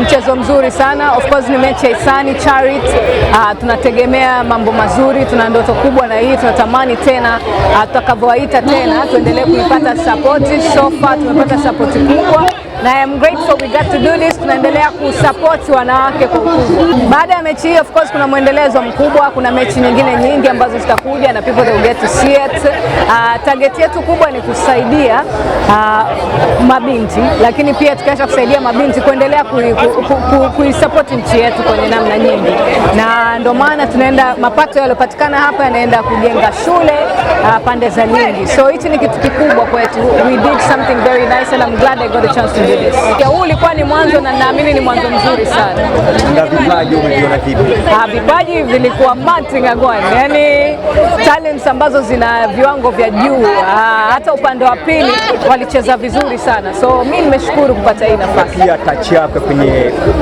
mchezo mzuri sana. Of course ni mechi ya hisani charity. Uh, ah, tunategemea mambo mazuri, tuna ndoto kubwa na hii tunatamani tena uh, tutakavyowaita tena tuendelee kuipata support. So far tumepata support kubwa na I am grateful we got to do this. Tunaendelea kusupport wanawake kwa ukubwa. Baada ya mechi hii, of course, kuna mwendelezo mkubwa, kuna mechi nyingine nyingi ambazo zitakuja na people will get to see it. Uh, target yetu kubwa ni kusaidia uh, mabinti, lakini pia tukiacha kusaidia mabinti kuendelea kuisupport ku, ku, ku, nchi yetu kwenye namna nyingi na ndio maana tunaenda, mapato yaliyopatikana hapa yanaenda kujenga shule uh, pande za Lindi. So hichi ni kitu kikubwa kwetu, we did something very nice and I'm glad I got a chance to do this. Huu ulikuwa ni mwanzo na naamini ni mwanzo mzuri sana. Na vipaji umeviona kipi? Ah, vipaji vilikuwa matingagwani, yani talents ambazo zina viwango vya juu. Ah, hata upande wa pili walicheza vizuri sana, so mimi nimeshukuru kupata hii nafasi. Pia touch yako kwenye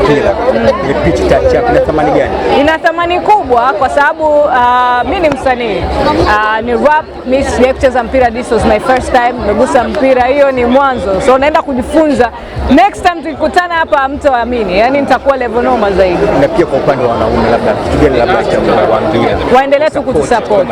mpira, Ile pitch touch yako ina thamani gani? Ina thamani burudani kubwa kwa sababu uh, mi ni msanii uh, ni rap, mi sijawahi kucheza mpira, this was my first time nimegusa mpira, hiyo ni mwanzo, so naenda kujifunza. Next time tukikutana hapa mtaamini, yani nitakuwa level noma zaidi. Na pia kwa upande wa wanaume, labda kitu gani labda cha kuwaambia ah, waendelee tu kutusupport,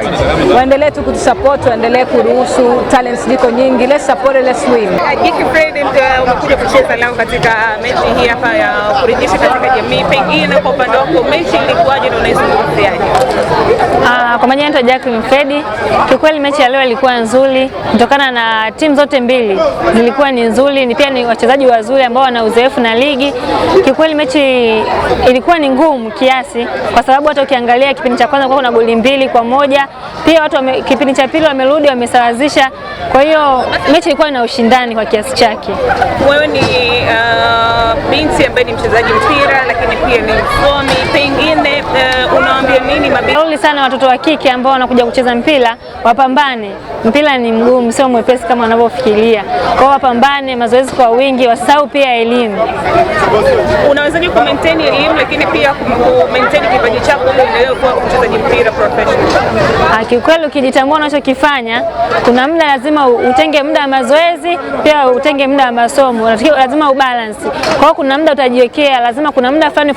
waendelee tu kutusupport, waendelee kuruhusu talents ziko nyingi, let's support, let's win. Geeky Friday uh, umekuja kucheza leo katika uh, mechi hii hapa ya kurejesha katika jamii, pengine kwa upande wako mechi ilikuwaje? unaizungumziaje? Uh, ah, kwa majina naitwa Jacqueline Fredi. Kiukweli mechi ya leo ilikuwa nzuri kutokana na timu zote mbili zilikuwa ni nzuri, ni pia ni wachezaji wazuri ambao wana uzoefu na ligi. Kiukweli mechi ilikuwa ni ngumu kiasi, kwa sababu hata ukiangalia kipindi cha kwanza kuna goli mbili kwa moja, pia watu wame, kipindi cha pili wamerudi wamesawazisha. Kwa hiyo mechi ilikuwa na ushindani kwa kiasi chake. Wewe ni uh, binti ambaye ni mchezaji mpira lakini pia ni msomi pengine uh, nini mabingwa sana. Watoto wa kike ambao wanakuja kucheza mpira wapambane, mpira ni mgumu, sio mwepesi kama wanavyofikiria. Kwao wapambane, mazoezi kwa wingi, wasahau pia elimu. Unawezaje ku maintain elimu lakini pia ku maintain kipaji chako ili uendelee kuwa mchezaji mpira professional? Ah, kiukweli ukijitambua unachokifanya, kuna muda lazima utenge muda wa mazoezi, pia utenge muda wa masomo, lazima ubalance. Kwao kuna muda utajiwekea, lazima kuna muda fulani